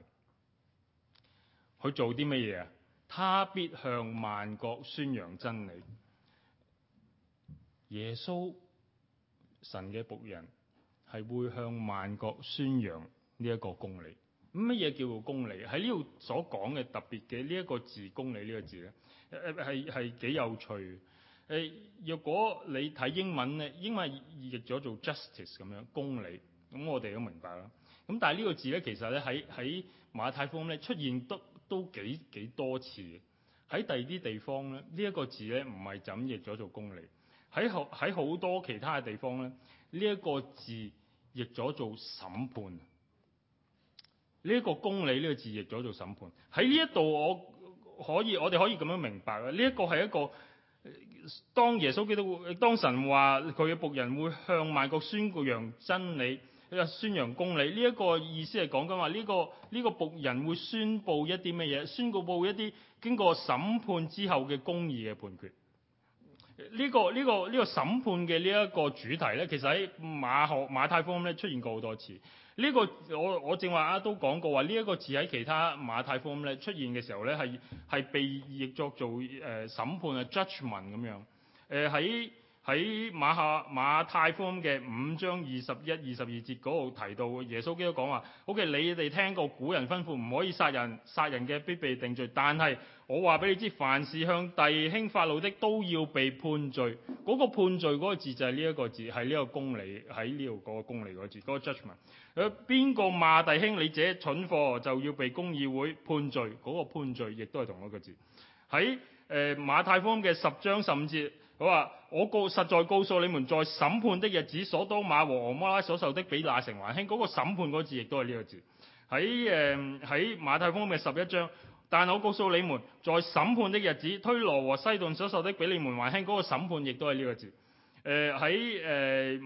佢做啲乜嘢啊？他必向萬國宣揚真理。耶穌，神嘅僕人，係會向萬國宣揚呢一個公理。乜嘢叫做公理？喺呢度所講嘅特別嘅呢一個字“公理”呢個字咧，係係幾有趣。誒，若果你睇英文咧，英文譯咗做 justice 咁樣，公理。咁我哋都明白啦。咁但係呢個字咧，其實咧喺喺馬太福音咧出現多。都幾幾多次喺第二啲地方咧，呢、這、一個字咧唔係怎譯咗做公理，喺好喺好多其他嘅地方咧，呢、這、一個字譯咗做審判。呢、這個公理呢個字譯咗做審判，喺呢一度我可以，我哋可以咁樣明白啦。呢、這個、一個係一個當耶穌基督會當神話佢嘅僕人會向萬國宣告樣真理。宣揚公理，呢一個意思係講緊話呢個呢個僕人會宣佈一啲咩嘢，宣告佈一啲經過審判之後嘅公義嘅判決。呢個呢個呢個審判嘅呢一個主題咧，其實喺馬，馬太福音咧出現過好多次。呢個我我正話啊都講過話，呢一個字喺其他馬太福音咧出現嘅時候咧係係被譯作做誒審判嘅 judgement 咁樣喺。喺馬下馬太福音嘅五章二十一二十二節嗰度提到耶穌基督講話，OK，你哋聽過古人吩咐唔可以殺人，殺人嘅必被定罪。但係我話俾你知，凡事向弟兄發怒的都要被判罪。嗰、那個判罪嗰個字就係呢一個字，喺呢個公理，喺呢度個公理嗰個字，嗰、那個 judgment 邊個罵弟兄你者蠢貨就要被公議會判罪。嗰、那個判罪亦都係同一個字。喺誒、呃、馬太福音嘅十章十五節，我告實在告訴你們，在審判的日子，所多瑪和俄摩拉所受的比那城還輕。嗰、那個審判嗰字亦都係呢個字。喺誒喺馬太福音嘅十一章，但我告訴你們，在審判的日子，推羅和西頓所受的比你們還輕。嗰、那個審判亦都係呢個字。誒喺誒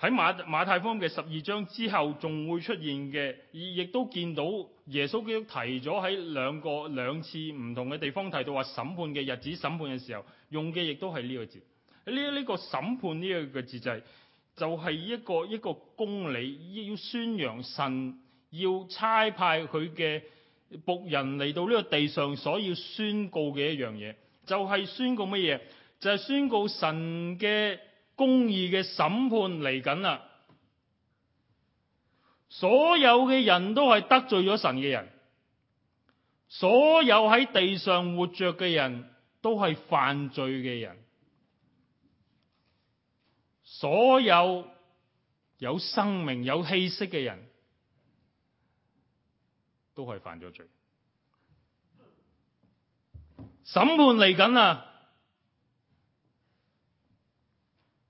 喺馬馬太福音嘅十二章之後，仲會出現嘅，亦都見到。耶穌基督提咗喺兩個兩次唔同嘅地方提到話，審判嘅日子，審判嘅時候用嘅亦都係呢個字呢，呢、這個這個審判呢個個字就係、是、就係、是、一個一個公理要宣揚，神要差派佢嘅僕人嚟到呢個地上所要宣告嘅一樣嘢，就係、是、宣告乜嘢？就係、是、宣告神嘅公義嘅審判嚟緊啦。所有嘅人都係得罪咗神嘅人，所有喺地上活着嘅人都係犯罪嘅人，所有有生命有氣息嘅人都係犯咗罪。審判嚟緊啦，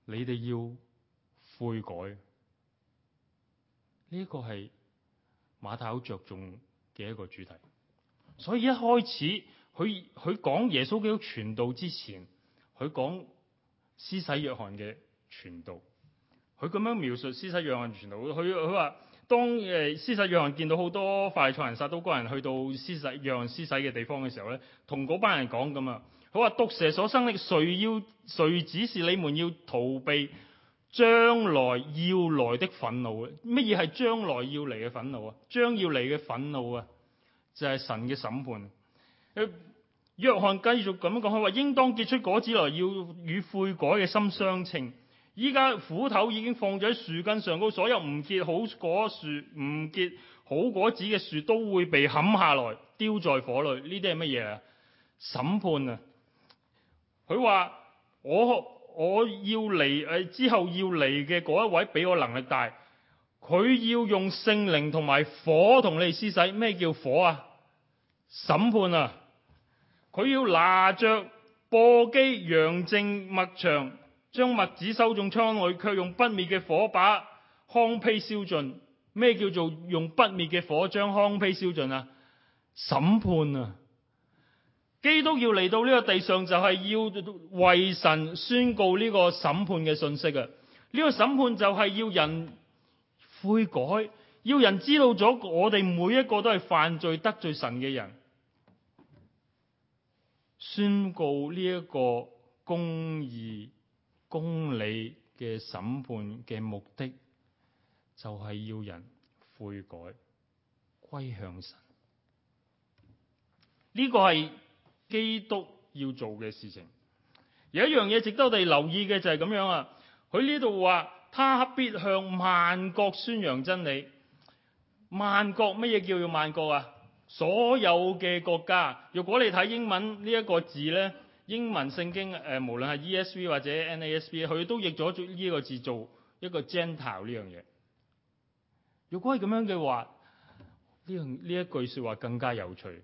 你哋要悔改。呢、這個係馬太好着重嘅一個主題，所以一開始佢佢講耶穌基督傳道之前，佢講施洗約翰嘅傳道，佢咁樣描述施洗約翰傳道。佢佢話：當誒施洗約翰見到好多法利賽人撒都該人去到施洗約翰施洗嘅地方嘅時候咧，同嗰班人講咁啊，佢話：毒蛇所生力，誰要誰指示你們要逃避？將來要來的憤怒，乜嘢係將來要來嘅憤怒啊？將要來嘅憤怒啊，就係神嘅審判。誒，約翰繼續咁講，佢話應當結出果子來，要與悔改嘅心相稱。依家斧頭已經放咗喺樹根上高，所有唔結好果樹、唔結好果子嘅樹都會被砍下來，丟在火裏。呢啲係乜嘢啊？審判啊！佢話我。我要嚟誒，之後要嚟嘅嗰一位比我能力大，佢要用聖靈同埋火同你哋施洗。咩叫火啊？審判啊！佢要拿着簸箕，揚淨麥場，將麥子收進倉裏，卻用不滅嘅火把糠秕燒盡。咩叫做用不滅嘅火將糠秕燒盡啊？審判啊！基督要嚟到呢個地上就係要為神宣告呢個審判嘅信息嘅，呢個審判就係要人悔改，要人知道咗我哋每一個都係犯罪得罪神嘅人，宣告呢一個公義公理嘅審判嘅目的就係要人悔改歸向神，呢個係。基督要做嘅事情，有一樣嘢值得我哋留意嘅就係咁樣啊！佢呢度話，他必向萬國宣揚真理。萬國，乜嘢叫做萬國啊？所有嘅國家。若果你睇英文呢一個字咧，英文聖經誒、呃，無論係 ESV 或者 NASB，佢都譯咗呢一個字做一個 Gentile 呢樣嘢。如果係咁樣嘅話，呢樣呢一句說話更加有趣。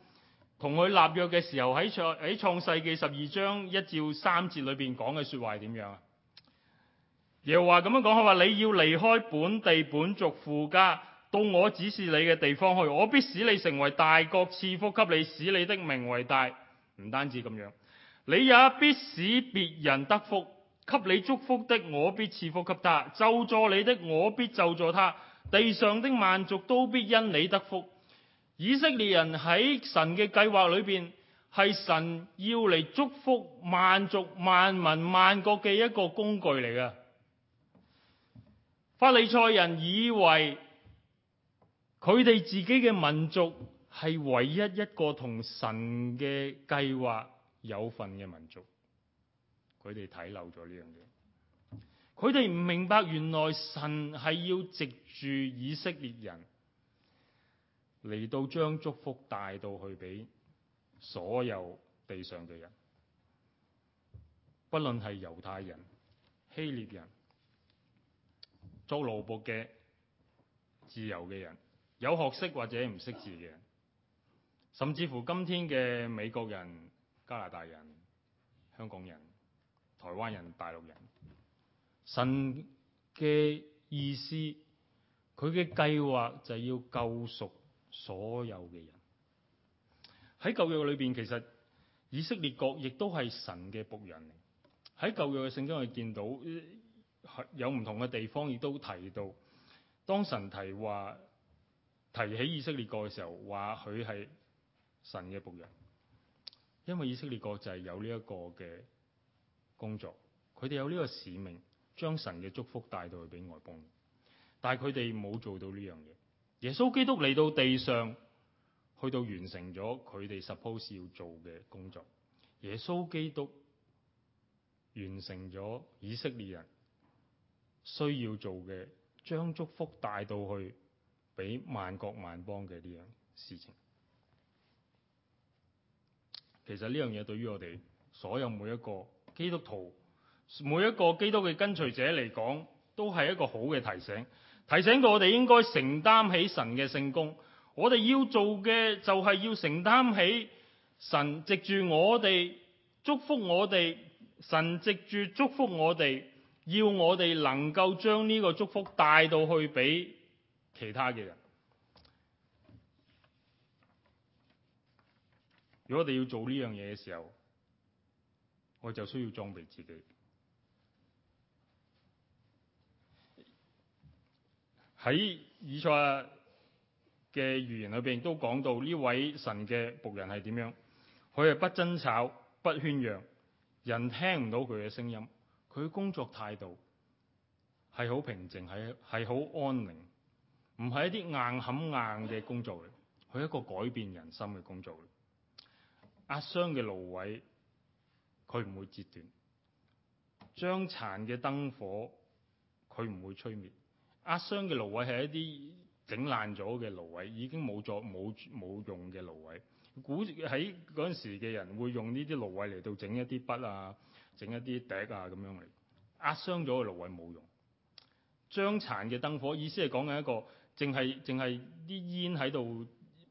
同佢立約嘅時候喺創世紀十二章一至三節裏邊講嘅說話係點樣啊？耶和華咁樣講佢話：你要離開本地本族父家，到我指示你嘅地方去。我必使你成為大國，賜福給你，使你的名為大。唔單止咁樣，你也必使別人得福，給你祝福的，我必賜福給他；咒詛你的，我必咒詛他。地上的萬族都必因你得福。以色列人喺神嘅計劃裏邊，係神要嚟祝福萬族萬民萬國嘅一個工具嚟嘅。法利賽人以為佢哋自己嘅民族係唯一一個同神嘅計劃有份嘅民族，佢哋睇漏咗呢樣嘢。佢哋唔明白，原來神係要藉住以色列人。嚟到將祝福帶到去俾所有地上嘅人，不論係猶太人、希臘人、做奴僕嘅自由嘅人、有學識或者唔識字嘅人，甚至乎今天嘅美國人、加拿大人、香港人、台灣人、大陸人，神嘅意思，佢嘅計劃就要救贖所有嘅人。喺舊約裏邊，其實以色列國亦都係神嘅僕人。喺舊約嘅聖經，我哋見到有唔同嘅地方亦都提到，當神提話提起以色列國嘅時候，話佢係神嘅僕人，因為以色列國就係有呢一個嘅工作，佢哋有呢個使命，將神嘅祝福帶到去俾外邦。但係佢哋冇做到呢樣嘢。耶穌基督嚟到地上，去到完成咗佢哋 suppose 要做嘅工作。耶穌基督完成咗以色列人需要做嘅，將祝福帶到去俾萬國萬邦嘅呢樣事情。其實呢樣嘢對於我哋所有每一個基督徒、每一個基督嘅跟隨者嚟講，都係一個好嘅提醒。提醒我哋應該承擔起神嘅聖工，我哋要做嘅就係要承擔起神藉住我哋祝福我哋，神藉住祝福我哋，要我哋能夠將呢個祝福帶到去俾其他嘅人。如果我哋要做呢樣嘢嘅時候，我就需要裝備自己。喺以賽嘅預言裏邊都講到呢位神嘅僕人係點樣？佢係不爭吵、不喧嚷，人聽唔到佢嘅聲音。佢嘅工作態度係好平靜、係係好安寧，唔係一啲硬冚硬嘅工作嚟。佢係一個改變人心嘅工作嚟。壓傷嘅蘆葦，佢唔會折斷；將殘嘅燈火，佢唔會吹滅。壓傷嘅蘆葦係一啲整爛咗嘅蘆葦，已經冇咗，冇冇用嘅蘆葦。估喺嗰陣時嘅人會用呢啲蘆葦嚟到整一啲筆啊，整一啲笛啊咁樣嚟。壓傷咗嘅蘆葦冇用。將殘嘅燈火意思係講緊一個淨係淨係啲煙喺度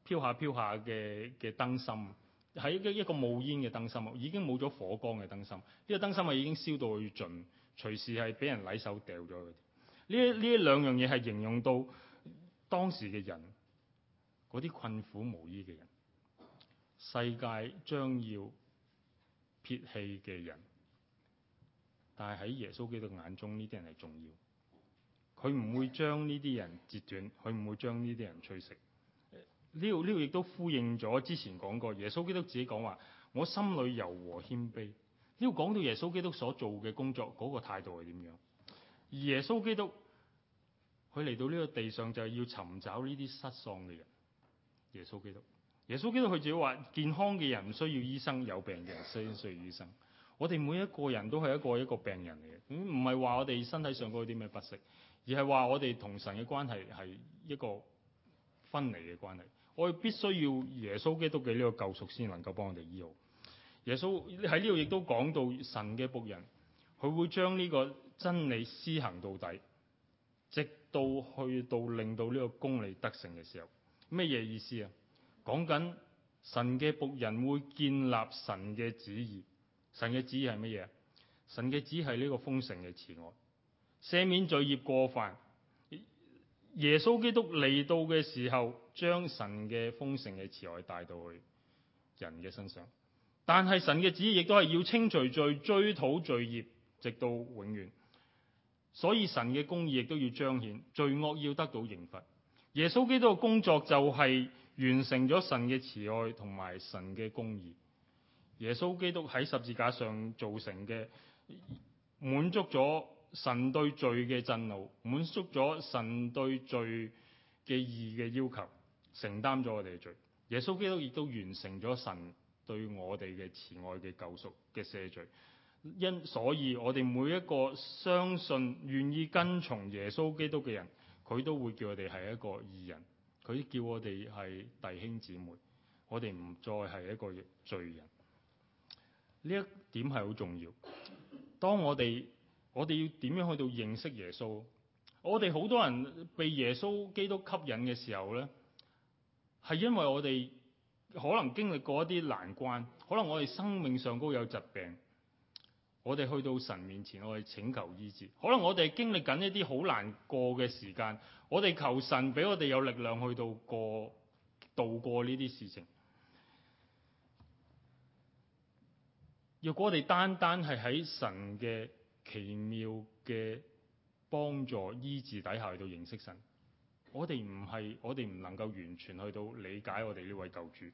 飄下飄下嘅嘅燈芯，係一一個冇煙嘅燈芯，已經冇咗火光嘅燈芯。呢、這個燈芯啊，已經燒到去盡，隨時係俾人攆手掉咗佢。呢呢兩樣嘢係形容到當時嘅人，嗰啲困苦無依嘅人，世界將要撇棄嘅人，但係喺耶穌基督眼中呢啲人係重要，佢唔會將呢啲人截斷，佢唔會將呢啲人吹熄。呢度呢度亦都呼應咗之前講過，耶穌基督自己講話，我心裏柔和謙卑。呢度講到耶穌基督所做嘅工作嗰個態度係點樣？而耶穌基督。佢嚟到呢個地上就係要尋找呢啲失喪嘅人，耶穌基督。耶穌基督佢自己話：健康嘅人唔需要醫生，有病嘅人先需要醫生。我哋每一個人都係一個一個病人嚟嘅，唔係話我哋身體上邊有啲咩不適，而係話我哋同神嘅關係係一個分離嘅關係。我哋必須要耶穌基督嘅呢個救贖先能夠幫我哋醫好。耶穌喺呢度亦都講到神嘅僕人，佢會將呢個真理施行到底。直到去到令到呢個公理得勝嘅時候，咩嘢意思啊？講緊神嘅僕人會建立神嘅旨意。神嘅旨意係乜嘢？神嘅旨意係呢個豐盛嘅慈愛，赦免罪孽過犯。耶穌基督嚟到嘅時候，將神嘅豐盛嘅慈愛帶到去人嘅身上。但係神嘅旨意亦都係要清除罪、追討罪孽，直到永遠。所以神嘅公義亦都要彰顯，罪惡要得到刑罰。耶穌基督嘅工作就係完成咗神嘅慈愛同埋神嘅公義。耶穌基督喺十字架上造成嘅，滿足咗神對罪嘅震怒，滿足咗神對罪嘅義嘅要求，承擔咗我哋嘅罪。耶穌基督亦都完成咗神對我哋嘅慈愛嘅救贖嘅赦罪。因所以，我哋每一個相信、願意跟從耶穌基督嘅人，佢都會叫我哋係一個義人。佢叫我哋係弟兄姊妹，我哋唔再係一個罪人。呢一點係好重要。當我哋我哋要點樣去到認識耶穌，我哋好多人被耶穌基督吸引嘅時候咧，係因為我哋可能經歷過一啲難關，可能我哋生命上都有疾病。我哋去到神面前，我哋請求醫治。可能我哋經歷緊一啲好難過嘅時間，我哋求神俾我哋有力量去到過度過呢啲事情。若果我哋單單係喺神嘅奇妙嘅幫助醫治底下，去到認識神，我哋唔係，我哋唔能夠完全去到理解我哋呢位救主。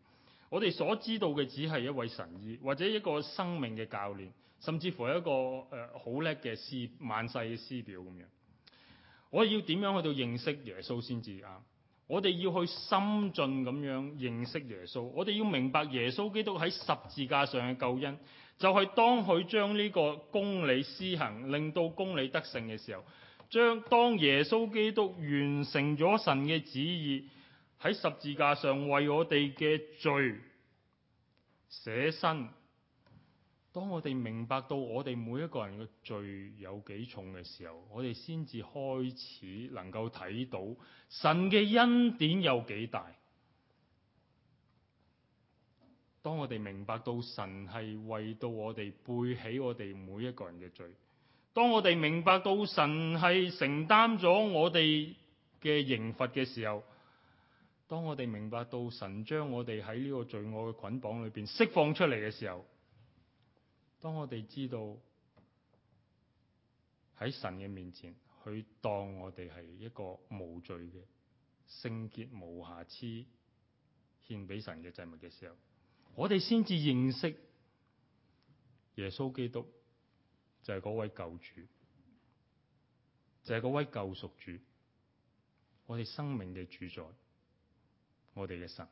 我哋所知道嘅，只係一位神醫，或者一個生命嘅教練，甚至乎係一個誒好叻嘅師，萬世嘅師表咁樣。我哋要點樣去到認識耶穌先至啱？我哋要去深進咁樣認識耶穌，我哋要明白耶穌基督喺十字架上嘅救恩，就係、是、當佢將呢個公理施行，令到公理得勝嘅時候，將當耶穌基督完成咗神嘅旨意，喺十字架上為我哋嘅罪捨身。當我哋明白到我哋每一個人嘅罪有幾重嘅時候，我哋先至開始能夠睇到神嘅恩典有幾大。當我哋明白到神係為到我哋背起我哋每一個人嘅罪，當我哋明白到神係承擔咗我哋嘅刑罰嘅時候。當我哋明白到神將我哋喺呢個罪惡嘅捆綁裏邊釋放出嚟嘅時候，當我哋知道喺神嘅面前，佢當我哋係一個無罪嘅聖潔無瑕疵獻畀神嘅祭物嘅時候，我哋先至認識耶穌基督就係嗰位救主，就係嗰位救贖主，我哋生命嘅主宰。我哋嘅神，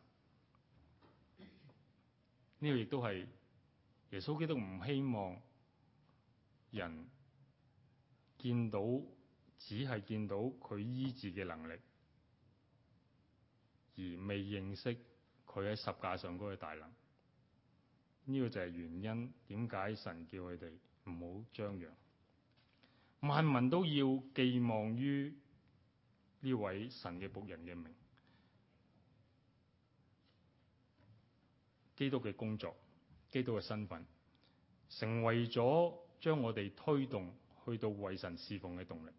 呢、這個亦都係耶穌基督唔希望人見到，只係見到佢醫治嘅能力，而未認識佢喺十架上嗰個大能。呢、這個就係原因，點解神叫佢哋唔好張揚？萬民都要寄望於呢位神嘅僕人嘅名。基督嘅工作，基督嘅身份，成為咗將我哋推動去到為神侍奉嘅動力。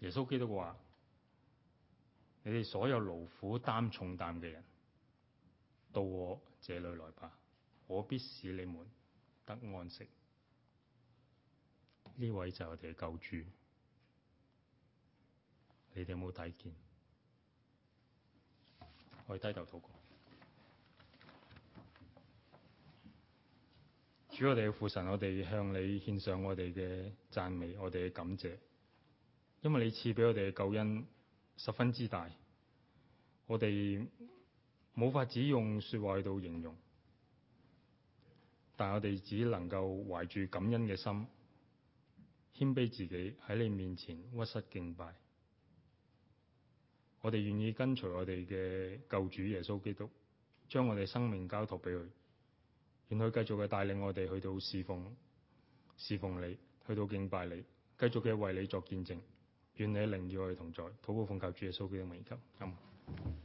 耶穌基督話：「你哋所有勞苦擔重擔嘅人，到我這裏來吧，我必使你們得安息。」呢位就係我哋嘅救主，你哋有冇睇見？去低頭禱告，主我哋嘅父神，我哋向你獻上我哋嘅讚美，我哋嘅感謝，因為你賜俾我哋嘅救恩十分之大，我哋冇法只用說話去到形容，但我哋只能夠懷住感恩嘅心，謙卑自己喺你面前屈膝敬拜。我哋願意跟隨我哋嘅救主耶穌基督，將我哋生命交託俾佢，願佢繼續嘅帶領我哋去到侍奉，侍奉你，去到敬拜你，繼續嘅為你作見證，願你靈與我哋同在，禱告奉靠主耶穌基督，阿門。